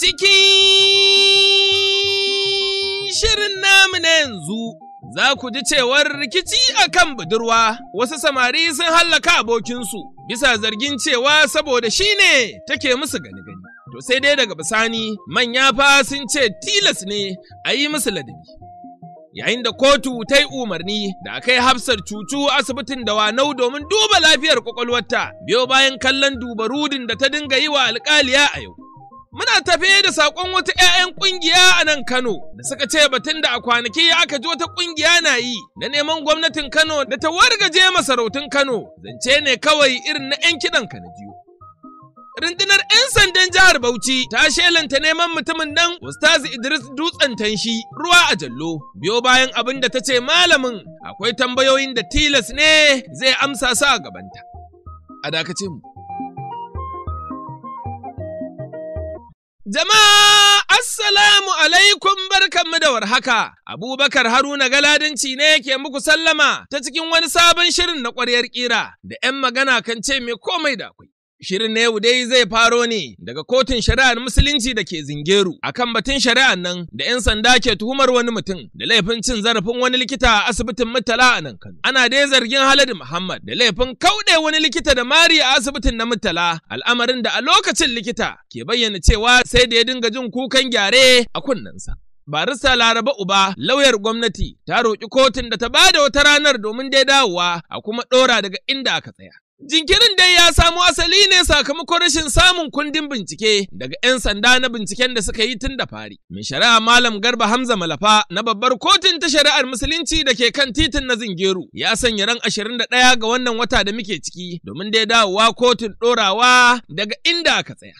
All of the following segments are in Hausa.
cikin shirin namu na yanzu za ku ji cewar rikici a kan budurwa wasu samari sun hallaka abokinsu bisa zargin cewa saboda shi ne take musu gani-gani. To sai dai daga bisani manya fa sun ce tilas ne a yi musu ladabi. Yayin da kotu ta yi umarni da aka yi hafsar cucu asibitin da wanau domin duba lafiyar kwakwalwarta biyo bayan kallon duba rudin da ta dinga yi wa alkaliya a yau. Muna tafe da saƙon wata 'ya'yan ƙungiya a nan Kano da suka ce batun da a kwanaki aka ji wata ƙungiya na yi na neman gwamnatin Kano da ta wargaje masarautun Kano zance ne kawai irin na 'yan kiɗan Kanajiyo. Rundunar 'yan sandan jihar Bauchi ta shelanta neman mutumin nan Ustaz Idris Dutsen Tanshi ruwa a jallo. Biyo bayan abin da ta ce malamin akwai tambayoyin da tilas ne zai amsa sa a gabanta. A dakace mu. Jama'a Assalamu alaikum barkanmu da warhaka, Abubakar Haruna Galadinci ne yake muku sallama ta cikin wani sabon shirin na ƙwaryar ƙira da ‘yan magana kan ce mai komai da kwai. Shirin na yau dai zai faro ne daga kotun shari'ar musulunci da ke zingeru a kan batun shari'ar nan da 'yan sanda ke tuhumar wani mutum da laifin cin zarafin wani likita a asibitin Murtala a nan Kano. Ana dai zargin Haladu Muhammad da laifin kauɗe wani likita da mari a asibitin na Murtala al'amarin da a lokacin likita ke bayyana cewa sai da ya dinga jin kukan gyare a kunnensa. barista Laraba Uba lauyar gwamnati ta roƙi kotun da ta bada wata ranar domin dai dawowa a kuma ɗora daga inda aka tsaya. Jinkirin dai ya samo Shi ne sakamakon rashin samun kundin bincike daga 'yan sanda na binciken da suka yi tun da fari. Mai shari'a Malam Garba Hamza Malafa na babbar kotun ta shari'ar Musulunci da ke kan titin na Zingeru ya sanya ran ashirin da ɗaya ga wannan wata da muke ciki domin dai dawowa kotun ɗorawa daga inda aka tsaya.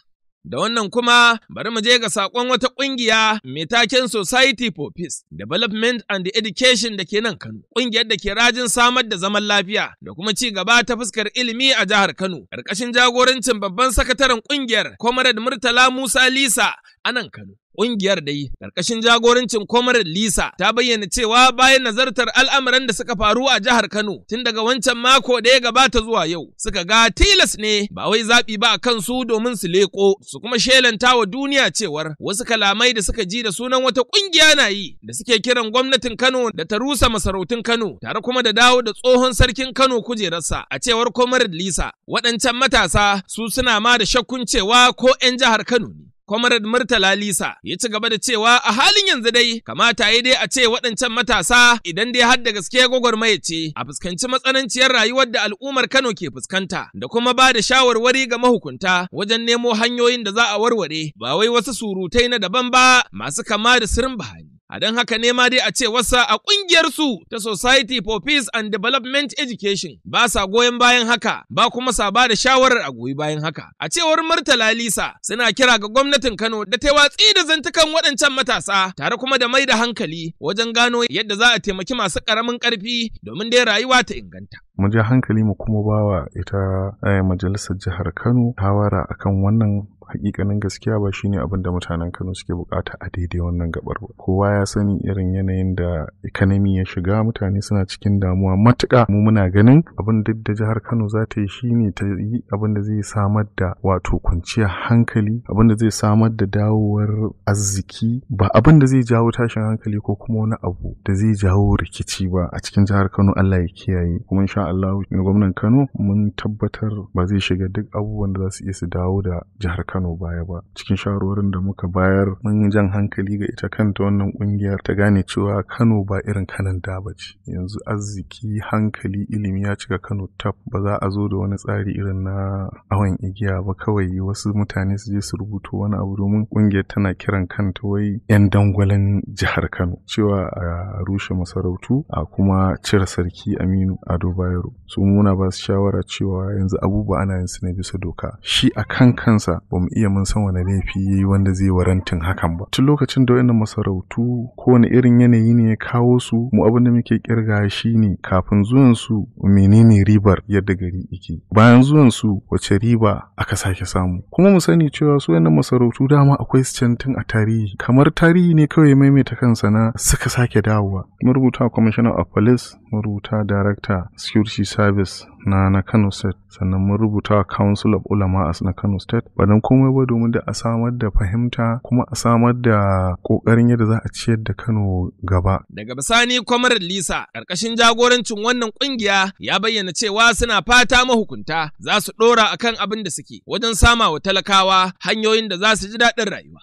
Da wannan kuma bari mu je ga saƙon wata ƙungiya mai taken Society for Peace, Development and Education da ke nan Kano, ƙungiyar da ke rajin samar da zaman lafiya da kuma ci gaba ta fuskar ilimi a jihar Kano, ƙarƙashin jagorancin babban sakataren ƙungiyar Comrade Murtala Musa Lisa a nan Kano. Ƙungiyar dai, ƙarƙashin jagorancin Comrade Lisa, ta bayyana cewa bayan nazartar al'amuran da suka faru a jihar Kano tun daga wancan mako da ya gabata zuwa yau, suka ga tilas ne ba wai zaɓi ba a kansu domin su leƙo su kuma shelanta wa duniya cewar wasu kalamai da suka ji da sunan wata ƙungiya na yi da suke kiran gwamnatin Kano da ta rusa masarautun Kano tare kuma da dawo da tsohon sarkin Kano kujerarsa a cewar Comrade Lisa. Waɗancan matasa su suna ma da shakkun cewa ko 'yan jihar Kano ne. Comrade Murtala Lisa ya ci gaba da cewa a halin yanzu dai kamata ya dai a ce waɗancan matasa idan dai har da gaske gwagwarmaya ce a fuskanci matsananciyar rayuwar da al'ummar Kano ke fuskanta da kuma ba da shawarwari ga mahukunta wajen nemo hanyoyin da za a warware ba wai wasu surutai na daban ba masu kama da sirin bahani. A don haka ne ma dai a ce wasa a ƙungiyarsu ta Society for Peace and Development Education ba sa goyon bayan haka ba kuma sa ba da shawarar a goyi bayan haka. A cewar Murtala Lisa suna kira ga gwamnatin Kano da ta watsi da zantukan waɗancan matasa tare kuma da mai da hankali wajen gano yadda za a taimaki masu ƙaramin ƙarfi domin dai rayuwa ta inganta. mu ja hankali mu kuma bawa ita eh, majalisar jihar Kano tawara akan wannan hakikanin gaskiya ba shine abin da mutanen Kano suke bukata a daidai wannan gabar ba kowa ya sani irin yanayin da economy ya shiga mutane suna cikin damuwa matuka mu muna ganin abin duk da jihar Kano za ta yi shine ta yi abin da zai samar da wato kwanciyar hankali abin da zai samar da dawowar arziki ba abin da zai jawo tashin hankali ko kuma wani abu da zai jawo rikici ba a cikin jihar Kano Allah ya kiyaye kuma insha Allah gwamnan Kano mun tabbatar ba zai shiga duk abubuwan da za su iya su dawo da jihar Kano Kano baya ba. Cikin shawarwarin da muka bayar mun jan hankali ga ita kanta wannan kungiyar ta gane cewa Kano ba irin kanan da ba Yanzu arziki, hankali, ilimi ya cika Kano tab ba za a zo da wani tsari irin na awon igiya ba kawai wasu mutane su je su rubuto wani abu domin kungiyar tana kiran kanta wai 'yan dangwalen jihar Kano cewa a rushe masarautu a kuma cire sarki Aminu Ado Bayero. Su muna ba su shawara cewa yanzu abubuwa ana yin su ne bisa doka. Shi a kan kansa ba mu iya mun san wani laifi yayi wanda zai warantin hakan ba tun lokacin da wannan masarautu ko wani irin yanayi ne ya kawo su mu abin da muke kirga shine kafin zuwan su menene ribar yadda gari yake bayan zuwan su wace riba aka sake samu kuma mu sani cewa su wannan masarautu dama akwai su can a tarihi kamar tarihi ne kawai maimaita kansa na suka sake dawowa marubuta commissioner of police marubuta director security service na na Kano State sannan mun rubuta Council of Ulama na Kano State ba don komai ba domin da a samar da fahimta kuma a samar da kokarin yadda za a ciyar da Kano gaba. Daga bisani kwamar Lisa ƙarƙashin jagorancin wannan ƙungiya ya bayyana cewa suna fata mahukunta za su ɗora akan abin da suke wajen sama wa talakawa hanyoyin da za su ji daɗin rayuwa.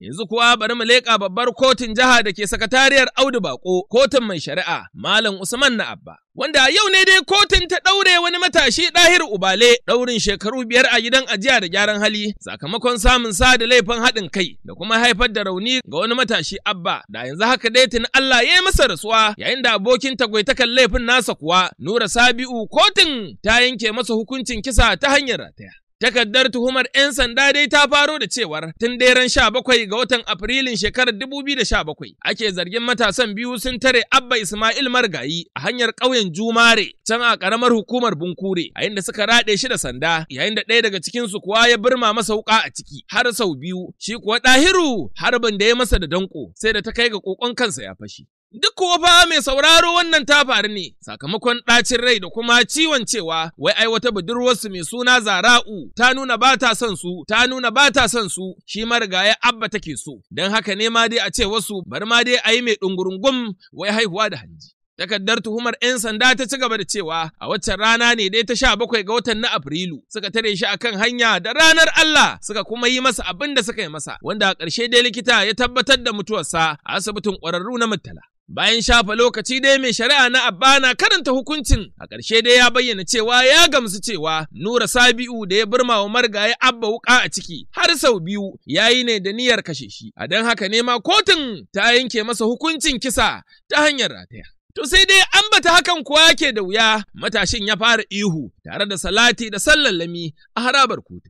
Yanzu kuwa bari mu leƙa babbar kotun jiha da ke sakatariyar Audu Bako, kotun mai shari'a, Malam Usman na Abba. Wanda yau ne dai kotun ta ɗaure wani matashi ɗahir Ubale ɗaurin shekaru biyar a gidan ajiya da gyaran hali sakamakon samun sa da laifin haɗin kai da kuma haifar da rauni ga wani matashi Abba da yanzu haka dai tuni Allah ya yi masa rasuwa yayin da abokin tagwaitakan laifin nasa kuwa Nura Sabi'u kotun ta yanke masa hukuncin kisa ta hanyar rataya. Takardar tuhumar 'yan sanda dai ta faro da cewar tun daren bakwai ga watan Afrilun shekarar 2017 ake zargin matasan biyu sun tare Abba Ismail Margayi a hanyar ƙauyen Jumare can a ƙaramar hukumar Bunkure a inda suka raɗe shi da sanda yayin da ɗaya daga cikinsu kuwa ya birma masa wuƙa a ciki har sau biyu shi kuwa ɗahiru harbin da ya masa da danko sai da ta kai ga ƙoƙon kansa ya fashi. Duk kuwa fa mai sauraro wannan ta faru ne sakamakon ɗacin rai da kuma ciwon cewa wai ai wata budurwarsu mai suna Zara'u ta nuna ba ta son su ta nuna ba ta son su shi ya Abba take so don haka ne ma dai a ce wasu bar ma dai a yi mai ɗungurungum wai haihuwa da hanji. Takardar tuhumar 'yan sanda ta ci gaba da cewa a waccan rana ne dai ta sha bakwai ga watan na Afrilu suka tare shi akan hanya da ranar Allah suka kuma yi masa abin da suka yi masa wanda a ƙarshe dai likita ya tabbatar da mutuwarsa a asibitin ƙwararru na Murtala. Bayan shafa lokaci dai mai shari'a na Abba na karanta hukuncin a ƙarshe dai ya bayyana cewa ya gamsu cewa Nura Sabi'u da ya birma wa marigayi Abba wuƙa a ciki har sau biyu ya yi ne da niyyar kashe shi. A don haka ne ma kotun ta yanke masa hukuncin kisa ta hanyar rataya. To sai dai ambata hakan kuwa yake da wuya matashin ya fara ihu tare da salati da sallallami a harabar kotu.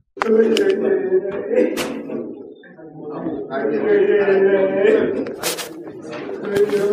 Thank you.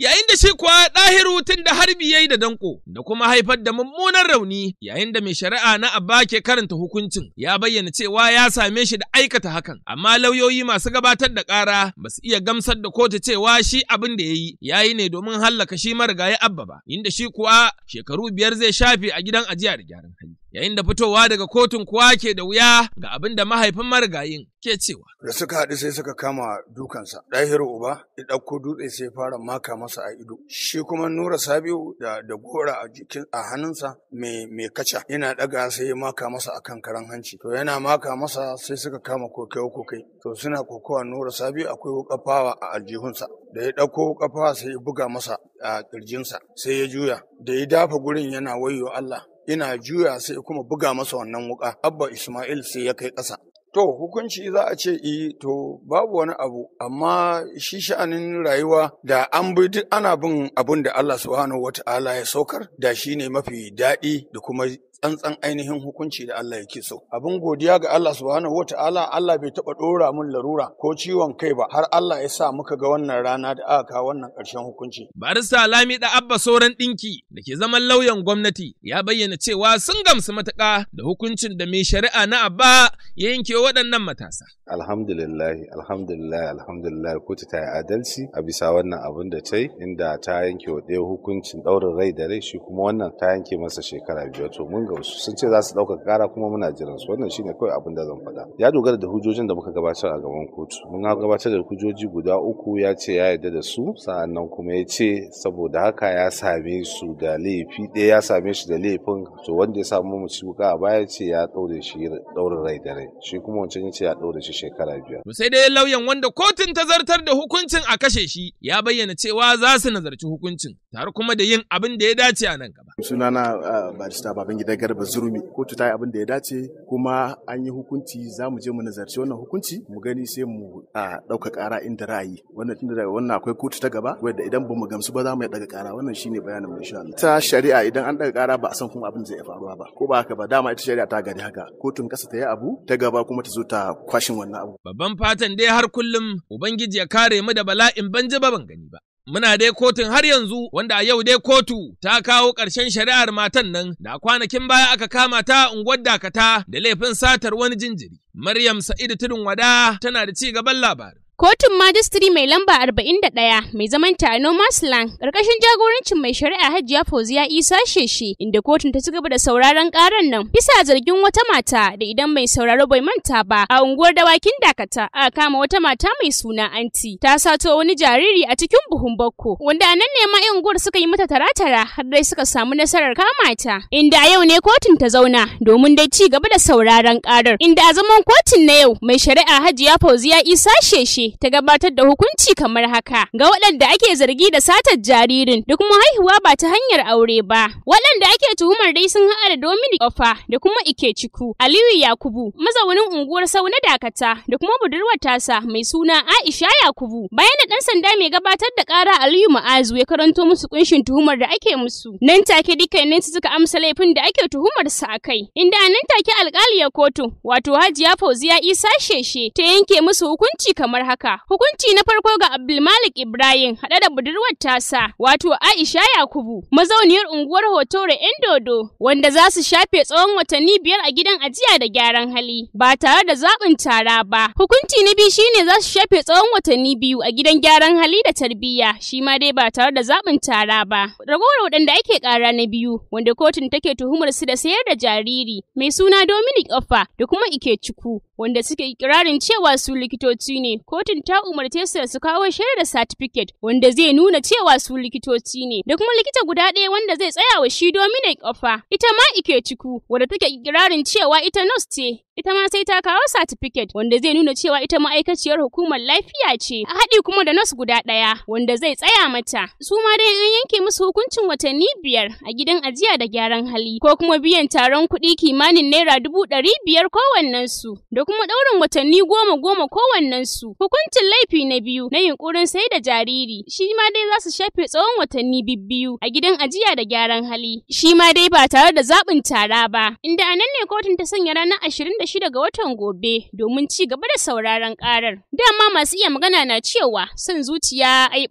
yayin da shi kuwa ɗahiru tun da harbi yayi da danko da kuma haifar da mummunan rauni yayin da mai shari'a na abba ke karanta hukuncin ya bayyana cewa ya same shi da aikata hakan amma lauyoyi masu gabatar da ƙara ba su iya gamsar da kotu cewa shi abin da ya yi ya yi ne domin hallaka shi marigayi abba ba inda shi kuwa shekaru biyar zai shafe a gidan ajiya da gyaran hali. yayin da fitowa daga kotun kuwa ke da wuya ga abin da mahaifin marigayin ke cewa. Da suka haɗu sai suka kama dukansa, ɗahiru uba, ya ɗauko dutse sai fara maka masa a ido. Shi kuma Nura Sabiu da, da gora a jikin a hannunsa mai kaca, yana ɗaga sai ya maka masa akan karan hanci. To yana maka masa sai suka kama kokai kokai. To suna kokowa Nura Sabiu akwai wuƙafawa a aljihunsa. Da ya ɗauko wuƙafawa sai ya buga masa a ƙirjinsa, sai ya juya. Da ya dafa gurin yana wayo Allah. yana juya sai kuma buga masa wannan wuka abba ismail sai ya kai ƙasa to hukunci za a ce i eh, to babu wani abu amma shi sha'anin rayuwa da an bi duk ana bin abin da Allah subhanahu wata'ala ya saukar da shi ne mafi daɗi da kuma tsantsan ainihin hukunci da Allah yake so. Abin godiya ga Allah subhanahu wa ta'ala Allah bai taɓa ɗora mun larura ko ciwon kai ba har Allah ya sa muka ga wannan rana da aka kawo wannan ƙarshen hukunci. Barista Lami da Abba Soran Ɗinki da ke zaman lauyan gwamnati ya bayyana cewa sun gamsu matuƙa da hukuncin da mai shari'a na Abba ya yanke waɗannan matasa. Alhamdulillah, alhamdulillah, alhamdulillah kotu ta yi adalci a bisa wannan abin da ta yi inda ta yanke wa ɗaya hukuncin ɗaurin rai da rai shi kuma wannan ta yanke masa shekara biyar to mun gamsu sun ce za su ɗauka kara kuma muna jiran su wannan shine kawai abin da zan faɗa ya dogara da hujjojin da muka gabatar a gaban kotu mun gabatar da hujjoji guda uku ya ce ya yarda da su sa'annan kuma ya ce saboda haka ya same su da laifi ɗaya eh, ya same shi da laifin to wanda ya samu mu wuka a baya ce ya ɗaure shi ɗaure rai da rai shi kuma wancan ya ce ya ɗaure shi shekara biyar. to sai dai lauyan wanda kotun ta zartar da hukuncin a kashe shi ya bayyana cewa za su nazarci hukuncin tare kuma da yin abin da ya dace a nan gaba. sunana ah, barista babangida garba zurmi kotu ta yi abin da ya dace kuma an yi hukunci za mu je mu nazarci wannan hukunci mu gani sai mu a ɗauka ƙara inda ra'ayi wannan tunda wannan akwai kotu ta gaba wanda idan ba mu gamsu ba za mu daga ƙara wannan shine bayanin mu insha Allah ta shari'a idan an ɗaga ƙara ba a san kuma abin zai faruwa ba ko ba haka ba dama ita shari'a ta gari haka kotun ƙasa ta yi abu ta gaba kuma ta zo ta kwashin wannan abu babban fatan dai har kullum ubangiji ya kare mu da bala'in banje ba ban gani ba Muna dai kotun har yanzu wanda a yau dai kotu ta kawo ƙarshen shari'ar matan nan da kwanakin baya aka kama ta unguwar dakata da laifin satar wani jinjiri. Maryam Sa'idu Tudun Wada tana da ci gaban labarin. Kotun Majistiri mai lamba 41 mai zaman ta Maslan, ƙarƙashin jagorancin mai shari'a Hajiya Fauziya Isa Sheshe inda kotun ta cigaba da sauraron ƙarar nan bisa zargin wata mata da idan mai sauraro bai manta ba a unguwar dawakin Dakata a kama wata mata mai suna Anti ta sato wani jariri a cikin buhun bakko wanda a nan ne ma unguwar suka yi mata taratara har dai suka samu nasarar kama ta inda a yau ne kotun ta zauna domin dai ci gaba da sauraron ƙarar inda a zaman kotun na yau mai shari'a Hajiya Fauziya Isa Sheshe ta gabatar da hukunci kamar haka ga waɗanda ake zargi da satar jaririn da kuma haihuwa ba ta hanyar aure ba. Waɗanda ake tuhumar dai sun haɗa da Dominic Ofa da kuma Ikechukwu, Aliyu Yakubu, mazaunin unguwar Sau na Dakata da kuma budurwar tasa mai suna Aisha Yakubu. Bayan da ɗan sanda mai gabatar da ƙara Aliyu Ma'azu ya karanto musu kunshin tuhumar da ake musu. Nan take dukkanin su suka amsa laifin da ake tuhumar su a kai, Inda nan take alƙaliyar kotu wato Hajiya Fauziya Isa Sheshe ta yanke musu hukunci kamar haka. haka. Hukunci na farko ga Abdulmalik Ibrahim haɗe da budurwar tasa wato Aisha Yakubu mazauniyar unguwar Hotore Indodo wanda za su shafe tsawon watanni biyar a gidan ajiya da gyaran hali ba tare da zaɓin tara ba. Hukunci na biyu shine za su shafe tsawon watanni biyu a gidan gyaran hali da tarbiyya shi ma dai ba tare da zaɓin tara ba. Ragowar waɗanda ake ƙara na biyu wanda kotun take tuhumar su da sayar da jariri mai suna Dominic Offa da kuma Ikechukwu wanda suke ikirarin cewa su likitoci ne kotun gwamnatin ta umarce su su kawo shaidar certificate wanda zai nuna cewa su likitoci ne da kuma likita guda ɗaya wanda zai tsaya wa shi ya ƙafa. ita ma ike ciku wadda take ikirarin cewa ita nurse ce ita ma sai ta kawo satifiket wanda zai nuna cewa ita ma'aikaciyar hukumar lafiya ce a haɗi kuma da nas guda ɗaya wanda zai tsaya mata su ma dai an yanke musu hukuncin watanni biyar a gidan ajiya da gyaran hali ko kuma biyan taron kuɗi kimanin naira dubu ɗari biyar kowannensu da kuma ɗaurin watanni goma goma kowannensu hukuncin laifi na biyu na yunkurin sai da jariri shi ma dai za su shafe tsawon watanni bibbiyu a gidan ajiya da gyaran hali shi ma dai ba tare da zaɓin tara ba inda a nan ne kotun ta sanya ranar ashirin da shi daga watan gobe domin ci gaba da sauraron karar. Dama masu iya magana na cewa son zuciya ai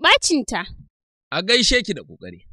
ta. A gaishe ki da kokari.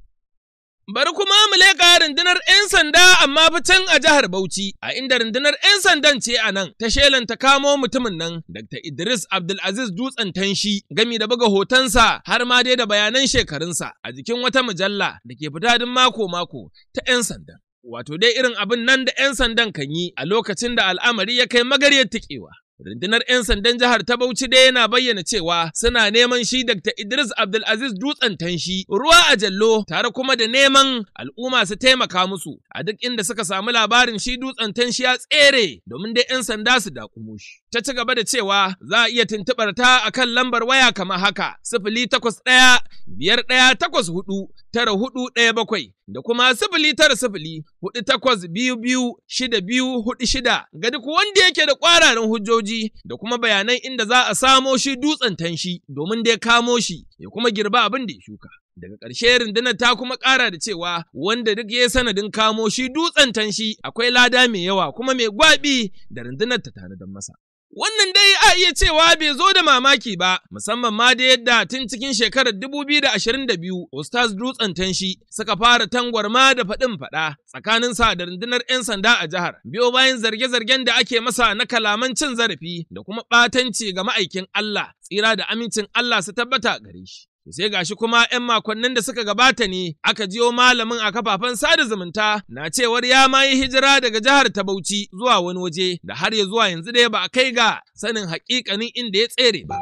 Bari kuma mu leƙa rundunar 'yan sanda amma fitan a jihar Bauchi, a inda rundunar 'yan sandan ce a nan, ta shelanta kamo mutumin nan, Dr. Idris Abdulaziz Dutsen Tanshi, gami da buga hotonsa har ma dai da bayanan shekarunsa a jikin wata mujalla da ke fita duk mako-mako ta 'yan sandan. wato dai irin abin nan da 'yan sandan kan yi a lokacin da al'amari ya kai magaryar tikewa. Rundunar 'yan sandan jihar ta Bauchi dai yana bayyana cewa suna neman shi Dr. Idris Abdulaziz Dutsen Tanshi ruwa a jallo tare kuma da neman al'umma su taimaka musu a duk inda suka samu labarin shi Dutsen Tanshi ya tsere domin dai 'yan sanda su dakumo shi. Ta ci gaba da cewa za a iya tuntuɓar ta a kan lambar waya kamar haka sifili takwas ɗaya biyar ɗaya takwas hudu tara hudu ɗaya bakwai da kuma sifili tara sifili hudu takwas biyu biyu shida biyu hudu shida ga duk wanda yake da kwararin hujjoji da kuma bayanan inda za a samo shi dutsen tanshi domin da ya kamo shi ya kuma girba abin da ya shuka. Daga ƙarshe rundunar ta kuma ƙara da cewa wanda duk ya sanadin kamo shi dutsen tanshi akwai lada mai yawa kuma mai gwaɓi da rundunar ta tare don masa. Wannan dai a iya cewa bai zo da mamaki ba, musamman ma da yadda tun cikin shekarar 2022 Ustaz Dutsen Tanshi suka fara tangwarma da faɗin faɗa tsakanin sa da rundunar 'yan sanda a jihar. Biyo bayan zarge-zargen da ake masa na kalaman cin zarafi da kuma ɓatanci ga ma'aikin Allah, tsira da amincin Allah su tabbata gare shi. sai gashi kuma 'yan makonnin da suka gabata ne aka jiyo malamin a kafafen sada zumunta na cewar ya ma yi hijira daga jihar ta Bauchi zuwa wani waje da har ya zuwa yanzu dai ba a kai ga sanin hakikanin inda ya tsere ba.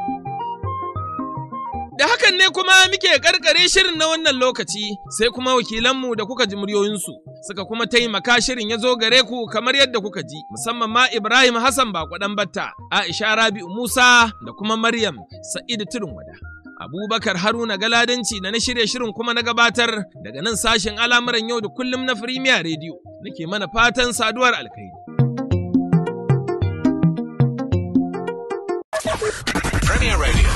Da hakan ne kuma muke karkare shirin na wannan lokaci sai kuma wakilanmu da kuka ji muryoyinsu suka kuma taimaka shirin ya zo gare ku kamar yadda kuka ji musamman ma Ibrahim Hassan Bakwadan Batta, Aisha Rabi'u Musa da kuma Maryam Sa'idu Tudun Wada. Abubakar Haruna Galadanci da na shirya shirin kuma na gabatar daga nan sashen al'amuran yau da kullum na Firimiya Rediyo nake mana fatan saduwar alkhairi. Premier Radio.